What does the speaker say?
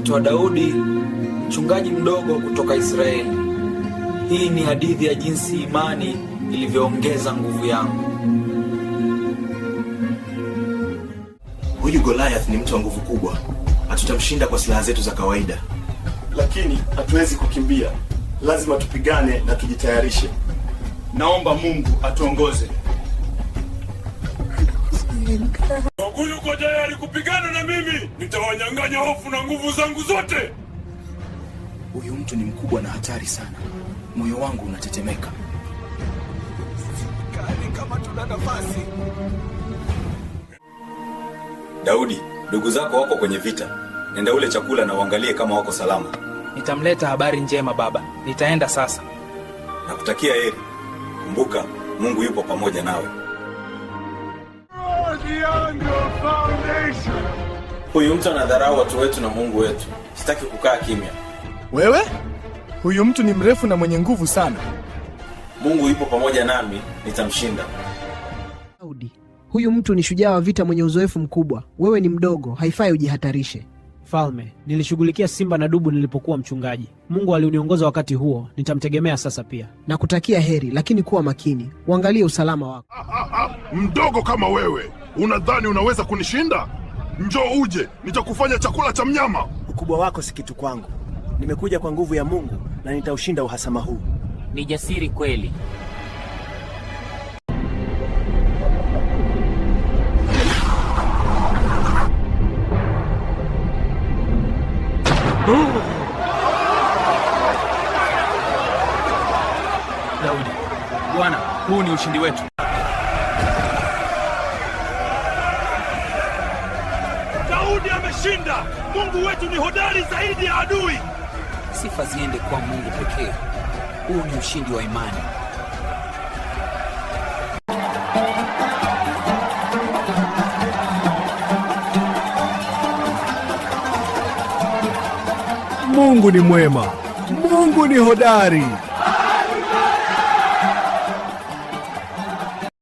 anaitwa Daudi, mchungaji mdogo kutoka Israeli. Hii ni hadithi ya jinsi imani ilivyoongeza nguvu yangu. Huyu Goliath ni mtu wa nguvu kubwa, hatutamshinda kwa silaha zetu za kawaida, lakini hatuwezi kukimbia. Lazima tupigane na tujitayarishe. Naomba Mungu atuongoze. Kwa tayari kupigana na mimi, nitawanyang'anya hofu na nguvu zangu zote. Huyu mtu ni mkubwa na hatari sana. Moyo wangu unatetemeka. Kani kama tuna nafasi. Daudi, ndugu zako wako kwenye vita. Nenda ule chakula na uangalie kama wako salama. Nitamleta habari njema baba. Nitaenda sasa. Nakutakia heri. Kumbuka, Mungu yupo pamoja nawe. Huyu mtu anadharau watu wetu na Mungu wetu. Sitaki kukaa kimya. Wewe? Huyu mtu ni mrefu na mwenye nguvu sana. Mungu yupo pamoja nami, nitamshinda. Daudi, huyu mtu ni shujaa wa vita mwenye uzoefu mkubwa. Wewe ni mdogo, haifai ujihatarishe. Mfalme, nilishughulikia simba na dubu nilipokuwa mchungaji. Mungu aliuniongoza wakati huo, nitamtegemea sasa pia. Nakutakia heri, lakini kuwa makini, uangalie usalama wako. Mdogo kama wewe Unadhani unaweza kunishinda? Njoo uje, nitakufanya chakula cha mnyama. Ukubwa wako si kitu kwangu. Nimekuja kwa nguvu ya Mungu na nitaushinda uhasama huu. Ni jasiri kweli. Daudi, Bwana, huu ni ushindi wetu. Daudi ameshinda. Mungu wetu ni hodari zaidi ya adui. Sifa ziende kwa Mungu pekee. Huu ni ushindi wa imani. Mungu ni mwema. Mungu ni hodari.